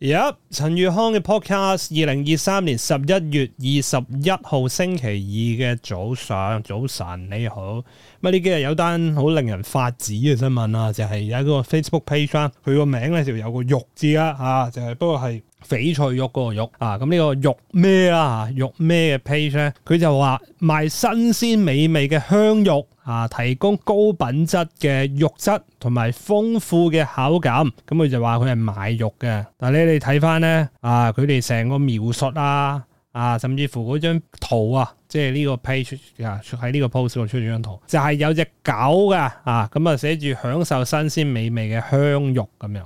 一陳宇康嘅 podcast，二零二三年十一月二十一號星期二嘅早上早晨，你好。乜呢幾日有單好令人發指嘅新聞啊？就係而家有一個 Facebook page，佢個名咧就有個玉字啦吓，就係、是、不過係。翡翠玉嗰個玉啊，咁呢個玉咩啦？玉咩嘅 page 咧，佢就話賣新鮮美味嘅香肉啊，提供高品質嘅肉質同埋豐富嘅口感。咁佢就話佢係賣肉嘅。但係咧，你睇翻咧啊，佢哋成個描述啊，啊，甚至乎嗰張圖啊，即係呢個 page 啊，喺呢、啊、個 post 度出咗張圖，就係、是、有隻狗噶啊，咁、嗯、啊寫住享受新鮮美味嘅香肉咁樣。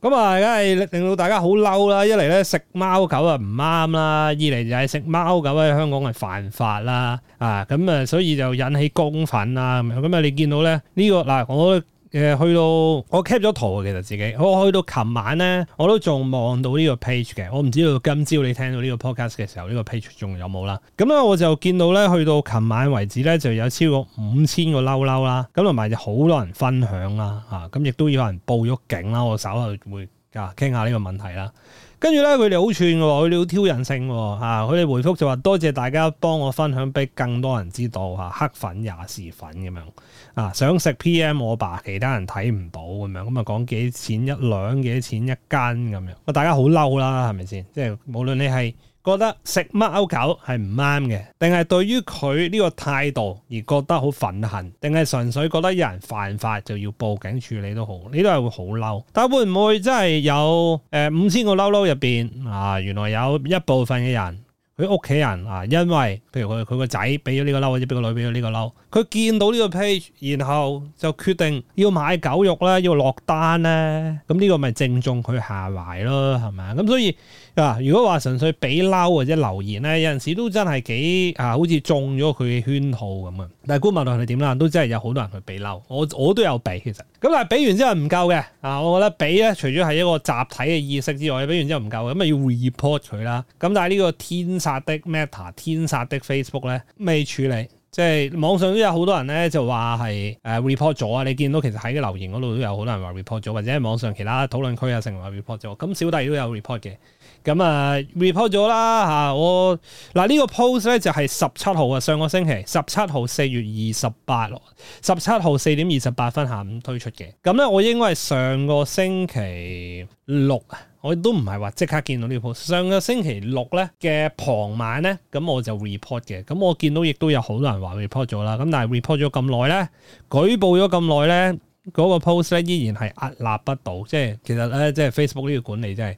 咁啊，梗係、嗯、令到大家好嬲啦！一嚟咧食貓狗啊唔啱啦，二嚟就係食貓狗喺香港係犯法啦啊！咁、嗯、啊，所以就引起公憤啦咁樣。咁啊、嗯，你見到咧呢、呢個嗱、啊、我。誒、這個，去到我 cap 咗圖啊，其實自己我去到琴晚咧，我都仲望到呢個 page 嘅，我唔知道今朝你聽到呢個 podcast 嘅時候，呢個 page 仲有冇啦。咁咧，我就見到咧，去到琴晚為止咧，就有超過五千個嬲嬲啦，咁同埋就好多人分享啦，吓，咁亦都有人報咗警啦，我稍後會啊傾下呢個問題啦。跟住呢，佢哋好串喎，佢哋好挑人性喎吓，佢哋回覆就話多謝大家幫我分享俾更多人知道嚇，啊，黑粉也是粉咁樣啊，想食 PM 我爸，其他人睇唔到咁樣，咁啊講幾錢一兩，幾錢一斤咁樣，樣，大家好嬲啦，係咪先？即係無論你係。覺得食乜勾狗係唔啱嘅，定係對於佢呢個態度而覺得好憤恨，定係純粹覺得有人犯法就要報警處理都好，呢都係會好嬲。但係會唔會真係有誒、呃、五千個嬲嬲入邊啊？原來有一部分嘅人佢屋企人啊，因為譬如佢佢個仔俾咗呢個嬲，或者俾個女俾咗呢個嬲，佢見到呢個 page，然後就決定要買狗肉啦，要落單咧，咁呢個咪正中佢下懷咯，係咪？咁所以。啊、如果話純粹俾嬲或者留言咧，有陣時都真係幾啊，好似中咗佢嘅圈套咁啊！但係觀衆論係點啦，都真係有好多人去俾嬲，我我都有俾其實。咁但係俾完之後唔夠嘅啊，我覺得俾咧，除咗係一個集體嘅意識之外，俾完之後唔夠，咁咪要 report 佢啦。咁但係呢個天殺的 Meta、天殺的 Facebook 咧，未處理，即係網上都有好多人咧就話係誒 report 咗啊！你見到其實喺個留言嗰度都有好多人話 report 咗，或者喺網上其他討論區啊成日話 report 咗，咁小弟都有 report 嘅。咁啊，report 咗啦嚇！我嗱、啊這個、呢個 post 咧就係十七號啊，上個星期十七號四月二十八十七號四點二十八分下午推出嘅。咁咧，我應該係上個星期六，我都唔係話即刻見到呢個 post。上個星期六咧嘅傍晚咧，咁我就 report 嘅。咁我見到亦都有好多人話 report 咗啦。咁但係 report 咗咁耐咧，舉報咗咁耐咧，嗰、那個 post 咧依然係屹立不倒。即係其實咧，即係 Facebook 呢個管理真係。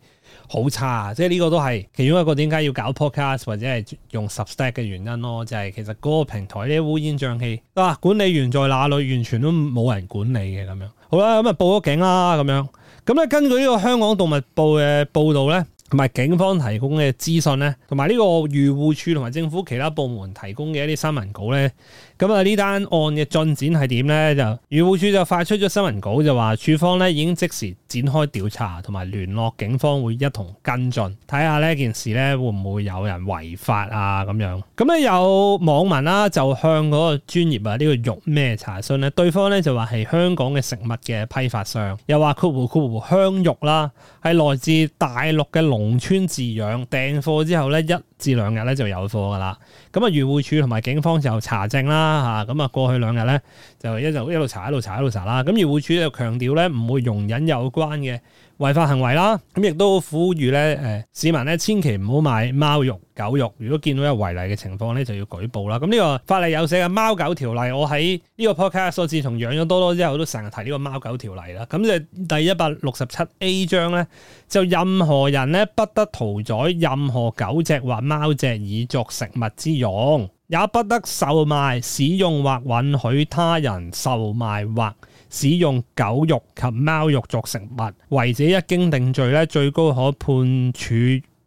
好差啊！即係呢個都係其中一個點解要搞 podcast 或者係用 substack 嘅原因咯，就係、是、其實嗰個平台啲烏煙瘴氣，哇、啊！管理員在哪裏？完全都冇人管理嘅咁樣。好啦、咁、嗯、啊報咗警啦咁樣。咁、嗯、咧根據呢個香港動物報嘅報道咧。同埋警方提供嘅資訊咧，同埋呢個漁護署同埋政府其他部門提供嘅一啲新聞稿咧，咁啊呢單案嘅進展係點咧？就漁護署就發出咗新聞稿，就話處方咧已經即時展開調查，同埋聯絡警方會一同跟進睇下呢件事咧會唔會有人違法啊咁樣咁咧、嗯、有網民啦就向嗰個專業啊呢、呢個肉咩查詢咧，對方咧就話係香港嘅食物嘅批發商，又話，括弧括弧香肉啦，係來自大陸嘅農農村飼養訂貨之後咧，一至兩日咧就有貨噶啦。咁啊，漁護署同埋警方就查證啦，吓咁啊，過去兩日咧就一就一路查，一路查，一路查啦。咁漁護署就強調咧，唔會容忍有關嘅。違法行為啦，咁亦都呼籲咧，誒市民咧千祈唔好買貓肉、狗肉。如果見到有違例嘅情況咧，就要舉報啦。咁呢個法例有寫嘅貓狗條例，我喺呢個 podcast，我自從養咗多多之後，都成日提呢個貓狗條例啦。咁即係第一百六十七 A 章咧，就任何人咧不得屠宰任何狗隻或貓隻以作食物之用，也不得售賣、使用或允許他人售賣或。使用狗肉及貓肉作食物，違者一經定罪咧，最高可判處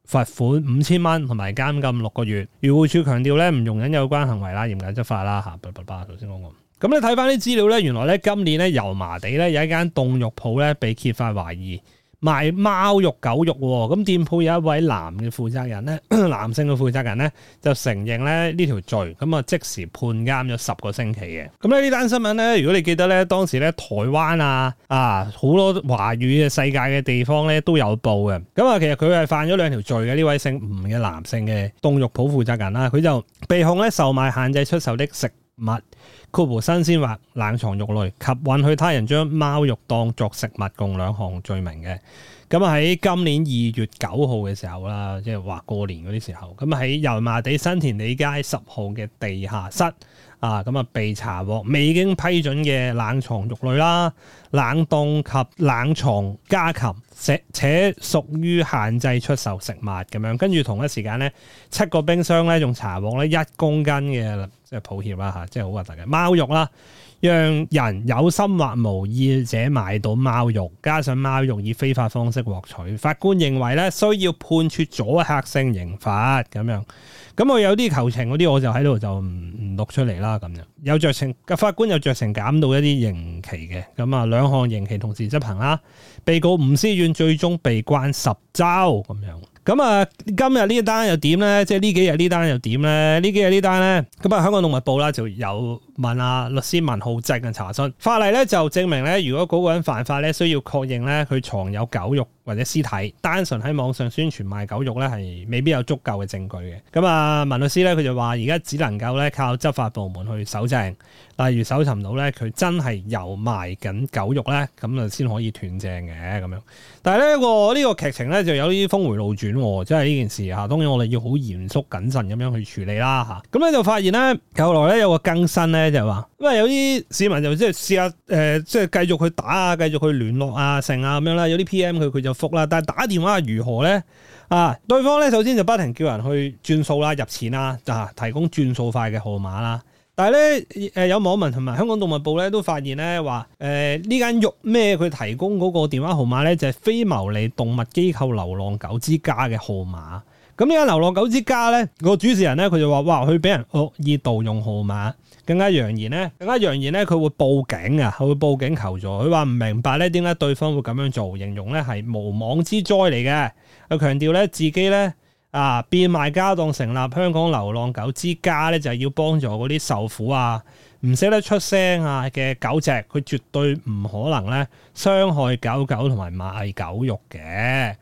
罰款五千蚊同埋監禁六個月。漁護署強調咧，唔容忍有關行為啦，嚴格執法啦嚇。咁你睇翻啲資料咧，原來咧今年咧油麻地咧有一間凍肉鋪咧被揭發懷疑。賣貓肉、狗肉喎，咁店鋪有一位男嘅負責人咧，男性嘅負責人咧就承認咧呢條罪，咁啊即時判監咗十個星期嘅。咁咧呢單新聞咧，如果你記得咧，當時咧台灣啊啊好多華語嘅世界嘅地方咧都有報嘅。咁、嗯、啊，其實佢係犯咗兩條罪嘅呢位姓吳嘅男性嘅凍肉鋪負責人啦，佢就被控咧售賣限制出售的食物。酷步新鮮或冷藏肉類，及允許他人將貓肉當作食物，共兩項罪名嘅。咁喺今年二月九號嘅時候啦，即係話過年嗰啲時候，咁喺油麻地新填地街十號嘅地下室。啊，咁啊被查獲，未經批准嘅冷藏肉類啦，冷凍及冷藏家禽，且且屬於限制出售食物咁樣。跟住同一時間呢，七個冰箱咧用查獲咧一公斤嘅，即係抱歉啦嚇、啊，即係好核突嘅貓肉啦，讓人有心或無意者買到貓肉，加上貓肉以非法方式獲取，法官認為咧需要判處阻嚇性刑罰咁樣。咁、嗯、我有啲求情嗰啲，我就喺度就唔唔錄出嚟啦。咁樣有着情，個法官有着情減到一啲刑期嘅。咁啊，兩項刑期同時執行啦。被告吳思遠最終被關十周咁樣。咁啊，今日呢單又點呢？即係呢幾日呢單又點呢？呢幾日呢單呢？咁啊，香港動物報啦，就有問阿律師文浩正查詢法例呢，就證明咧，如果嗰個人犯法呢，需要確認咧，佢藏有狗肉或者屍體，單純喺網上宣傳賣狗肉呢，係未必有足夠嘅證據嘅。咁啊，文律師呢，佢就話而家只能夠呢，靠執法部門去搜證。例如搜尋到咧，佢真係有賣緊狗肉咧，咁啊先可以斷正嘅咁樣。但係咧，個呢個劇情咧就有啲峰回路轉，即係呢件事嚇。當然我哋要好嚴肅謹慎咁樣去處理啦嚇。咁、嗯、咧就發現咧，後來咧有個更新咧就話，因為有啲市民就即係試下誒，即、呃、係繼續去打啊，繼續去聯絡啊，成啊咁樣啦。有啲 P.M. 佢佢就覆啦，但係打電話如何咧啊？對方咧首先就不停叫人去轉數啦、入錢啦，就、啊、提供轉數快嘅號碼啦。但係咧，誒有網民同埋香港動物部咧都發現咧話，誒呢間肉咩佢提供嗰個電話號碼咧，就係非牟利動物機構流浪狗之家嘅號碼。咁呢間流浪狗之家咧，個主持人咧佢就話：哇，佢俾人惡意盜用號碼，更加揚言咧，更加揚言咧佢會報警啊，佢會報警求助。佢話唔明白咧點解對方會咁樣做，形容咧係無妄之災嚟嘅，佢強調咧自己咧。啊！變賣家當成立香港流浪狗之家咧，就係、是、要幫助嗰啲受苦啊、唔識得出聲啊嘅狗隻，佢絕對唔可能咧。傷害狗狗同埋賣狗肉嘅，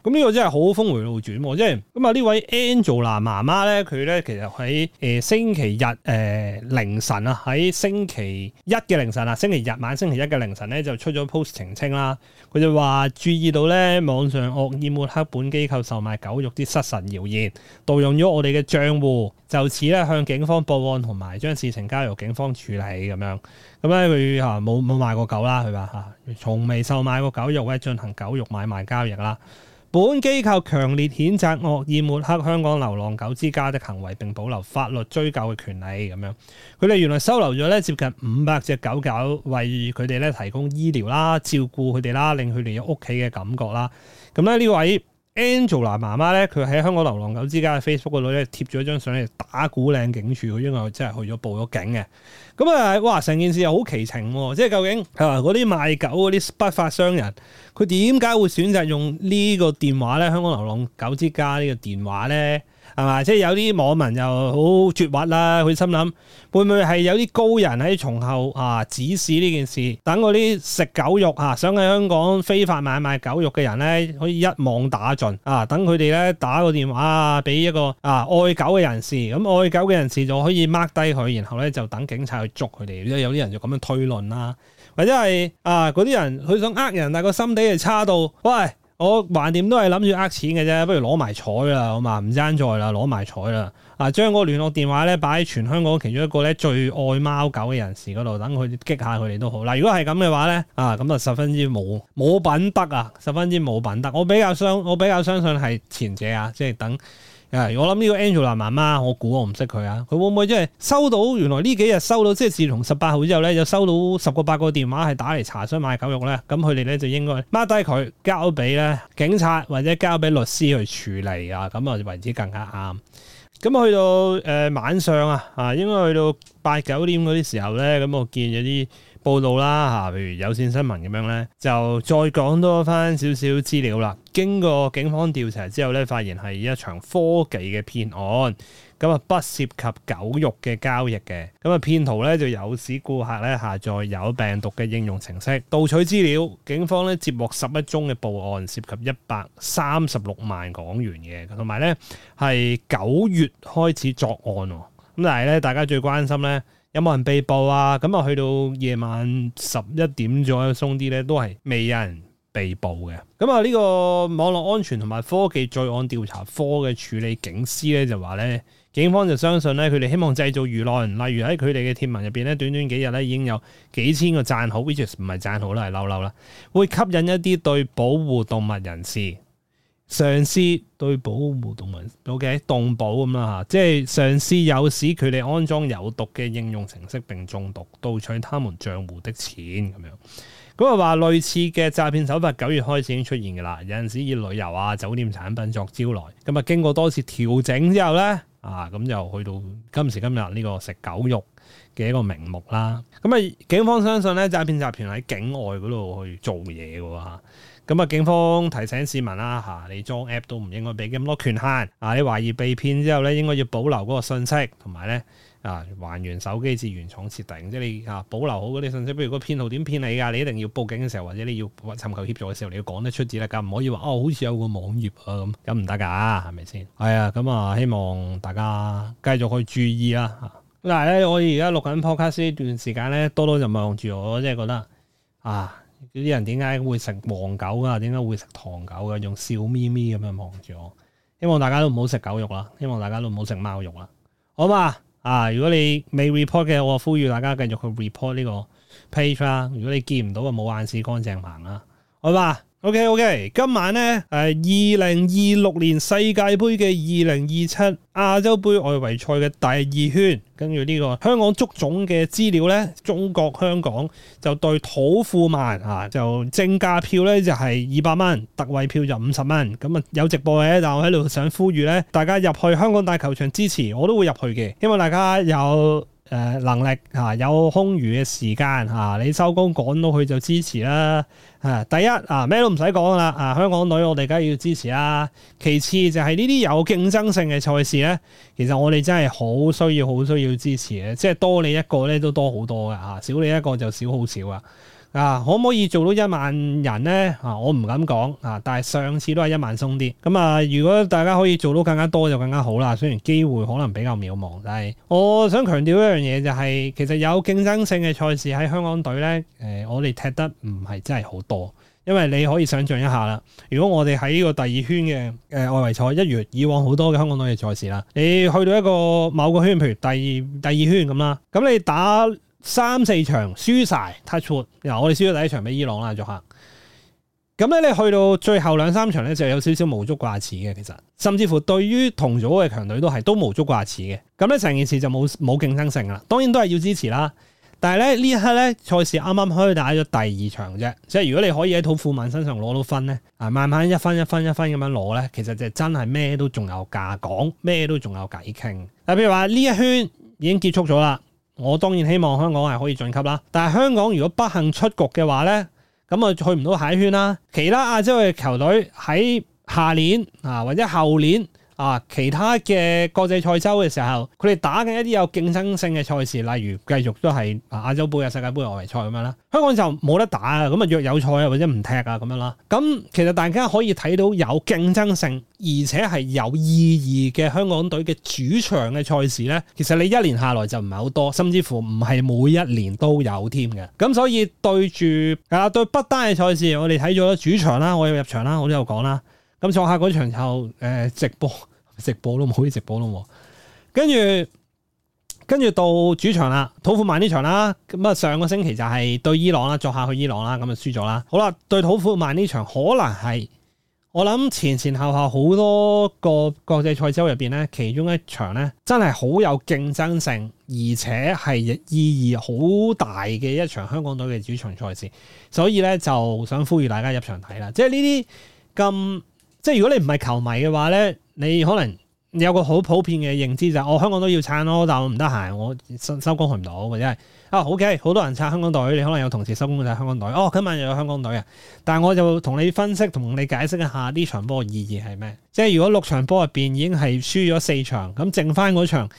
咁、這、呢個真係好峰回路轉喎！即係咁啊，呢位 Angela 媽媽咧，佢咧其實喺誒、呃、星期日誒、呃、凌晨啊，喺星期一嘅凌晨啊，星期日晚星期一嘅凌晨咧就出咗 post 澄清啦。佢就話注意到咧網上惡意抹黑本機構售賣狗肉啲失實謠言，盜用咗我哋嘅賬戶，就此咧向警方報案同埋將事情交由警方處理咁樣。咁咧佢嚇冇冇賣過狗啦，佢話嚇，從未售賣過狗肉咧，進行狗肉買賣交易啦。本機構強烈譴責惡意抹黑香港流浪狗之家的行為，並保留法律追究嘅權利。咁樣佢哋原來收留咗咧接近五百隻狗狗，為佢哋咧提供醫療啦、照顧佢哋啦、令佢哋有屋企嘅感覺啦。咁呢，呢位。Angela 媽媽咧，佢喺香港流浪狗之家嘅 Facebook 嗰度咧貼咗張相咧打鼓嶺警署，因為佢真係去咗報咗警嘅。咁啊，哇！成件事又好奇情，即係究竟係話嗰啲賣狗嗰啲不法商人，佢點解會選擇用呢個電話咧？香港流浪狗之家呢個電話咧？係嘛？即係有啲網民又好絕筆啦，佢心諗會唔會係有啲高人喺從後啊指示呢件事，等嗰啲食狗肉啊，想喺香港非法買賣狗肉嘅人咧，可以一網打盡啊！等佢哋咧打個電話個啊，俾一個啊愛狗嘅人士，咁、啊、愛狗嘅人士就可以 mark 低佢，然後咧就等警察去捉佢哋。有啲人就咁樣推論啦、啊，或者係啊嗰啲人佢想呃人，但係個心地係差到，喂！我橫掂都係諗住呃錢嘅啫，不如攞埋彩啦，好嘛？唔爭在啦，攞埋彩啦。啊，將個聯絡電話咧擺喺全香港其中一個咧最愛貓狗嘅人士嗰度，等佢激下佢哋都好。嗱，啊，如果係咁嘅話咧，啊，咁就十分之冇冇品德啊，十分之冇品德。我比較相，我比較相信係前者啊，即係等。Yeah, 我諗呢個 Angela 媽媽，我估我唔識佢啊，佢會唔會即係收到？原來呢幾日收到，即係自從十八號之後咧，就收到十個八個電話係打嚟查詢買狗肉咧，咁佢哋咧就應該掹低佢交俾咧警察或者交俾律師去處理啊，咁啊為之更加啱。咁去到誒、呃、晚上啊啊，應該去到八九點嗰啲時候咧，咁我見有啲報道啦嚇，譬如有線新聞咁樣咧，就再講多返少少資料啦。經過警方調查之後咧，發現係一場科技嘅騙案，咁啊不涉及狗肉嘅交易嘅。咁啊騙徒咧就有使顧客咧下載有病毒嘅應用程式盜取資料。警方咧接獲十一宗嘅報案，涉及一百三十六萬港元嘅，同埋咧係九月開始作案。咁但係咧，大家最關心咧。有冇人被捕啊？咁啊，去到夜晚十一點左右鬆啲咧，都係未有人被捕嘅。咁啊，呢個網絡安全同埋科技罪案調查科嘅處理警司咧就話咧，警方就相信咧，佢哋希望製造輿論，例如喺佢哋嘅貼文入邊咧，短短幾日咧已經有幾千個讚好，which is 唔係讚好啦，係嬲嬲啦，會吸引一啲對保護動物人士。上司對保護動物，OK，動保咁啦嚇，即係上司有使佢哋安裝有毒嘅應用程式並中毒，盜取他們帳戶嘅錢咁樣。咁啊話類似嘅詐騙手法九月開始已經出現㗎啦，有陣時以旅遊啊、酒店產品作招來。咁啊經過多次調整之後呢。啊，咁就去到今時今日呢個食狗肉嘅一個名目啦。咁、嗯、啊，警方相信咧就係詐騙集團喺境外嗰度去做嘢嘅喎，咁啊、嗯，警方提醒市民啦、啊、嚇、啊，你裝 app 都唔應該俾咁多權限。啊，你懷疑被騙之後咧，應該要保留嗰個信息同埋咧。啊！還原手機至原廠設定，即係你啊保留好嗰啲信息。不如嗰編號點編你㗎？你一定要報警嘅時候，或者你要尋求協助嘅時候，你要講得出字啦，唔、啊、可以話哦，好似有個網頁啊咁，咁唔得㗎，係咪先？係啊，咁啊、嗯嗯，希望大家繼續去注意啦、啊。嗱、啊、咧，我而家錄緊 Podcast 呢段時間咧，多多就望住我，即係覺得啊，啲人點解會食黃狗㗎？點解會食糖狗㗎？用笑眯眯咁樣望住我，希望大家都唔好食狗肉啦，希望大家都唔好食貓肉啦，好嘛？啊！如果你未 report 嘅，我呼籲大家繼續去 report 呢個 page 啦。如果你見唔到嘅，冇眼屎乾淨盲啦，好吧？O K O K，今晚呢，誒、呃，二零二六年世界盃嘅二零二七亞洲盃外圍賽嘅第二圈，跟住呢個香港足總嘅資料呢，中國香港就對土庫曼啊，就正價票呢就係二百蚊，特惠票就五十蚊，咁啊有直播嘅，但我喺度想呼籲咧，大家入去香港大球場支持，我都會入去嘅，希望大家有。誒能力嚇、啊、有空餘嘅時間嚇、啊，你收工趕到去就支持啦嚇、啊。第一啊咩都唔使講噶啦啊，香港隊我哋梗係要支持啦、啊。其次就係呢啲有競爭性嘅賽事咧，其實我哋真係好需要好需要支持嘅，即係多你一個咧都多好多㗎嚇、啊，少你一個就少好少啊。啊，可唔可以做到一萬人呢？啊，我唔敢講啊，但係上次都係一萬鬆啲。咁啊，如果大家可以做到更加多就更加好啦。雖然機會可能比較渺茫，但係我想強調一樣嘢就係，其實有競爭性嘅賽事喺香港隊呢。誒，我哋踢得唔係真係好多，因為你可以想像一下啦。如果我哋喺呢個第二圈嘅誒外圍賽，一如以往好多嘅香港隊嘅賽事啦，你去到一個某個圈，譬如第二第二圈咁啦，咁你打。三四場輸晒，touch wood 嗱我哋輸咗第一場俾伊朗啦，做客。咁咧，你去到最後兩三場咧，就有少少無足掛齒嘅，其實甚至乎對於同組嘅強隊都係都無足掛齒嘅。咁咧，成件事就冇冇競爭性啦。當然都係要支持啦。但係咧，呢一刻咧，賽事啱啱可以打咗第二場啫。即係如果你可以喺土庫曼身上攞到分咧，啊慢慢一分一分一分咁樣攞咧，其實就真係咩都仲有價講，咩都仲有偈傾。嗱，譬如話呢一圈已經結束咗啦。我當然希望香港係可以晉級啦，但係香港如果不幸出局嘅話咧，咁啊去唔到蟹圈啦。其他亞洲嘅球隊喺下年啊或者後年。啊！其他嘅國際賽周嘅時候，佢哋打緊一啲有競爭性嘅賽事，例如繼續都係亞洲杯、啊、世界盃外圍賽咁樣啦。香港就冇得打啊，咁啊若有賽啊或者唔踢啊咁樣啦。咁其實大家可以睇到有競爭性而且係有意義嘅香港隊嘅主場嘅賽事呢。其實你一年下來就唔係好多，甚至乎唔係每一年都有添嘅。咁所以對住啊對不丹嘅賽事，我哋睇咗啦主場啦，我有入場啦，我都有講啦。咁坐下嗰場就誒、呃、直播。直播咯，冇啲直播咯，跟住跟住到主場啦，土庫曼呢場啦，咁啊上個星期就係對伊朗啦，作客去伊朗啦，咁就輸咗啦。好啦，對土庫曼呢場可能係我諗前前後後好多個國際賽周入邊咧，其中一場咧真係好有競爭性，而且係意義好大嘅一場香港隊嘅主場賽事，所以咧就想呼籲大家入場睇啦。即係呢啲咁，即係如果你唔係球迷嘅話咧。你可能有個好普遍嘅認知就係、是、我、哦、香港都要撐咯，但我唔得閒，我收工去唔到，或者係啊、哦、OK，好多人撐香港隊，你可能有同事收工就係香港隊，哦，今晚又有香港隊啊！但係我就同你分析、同你解釋一下呢場波嘅意義係咩？即係如果六場波入邊已經係輸咗四場，咁剩翻嗰場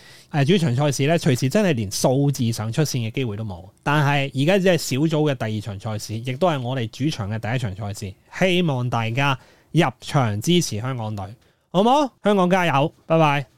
主場賽事咧，隨時真係連數字上出線嘅機會都冇。但係而家只係小組嘅第二場賽事，亦都係我哋主場嘅第一場賽事，希望大家入場支持香港隊。好唔好？香港加油！拜拜。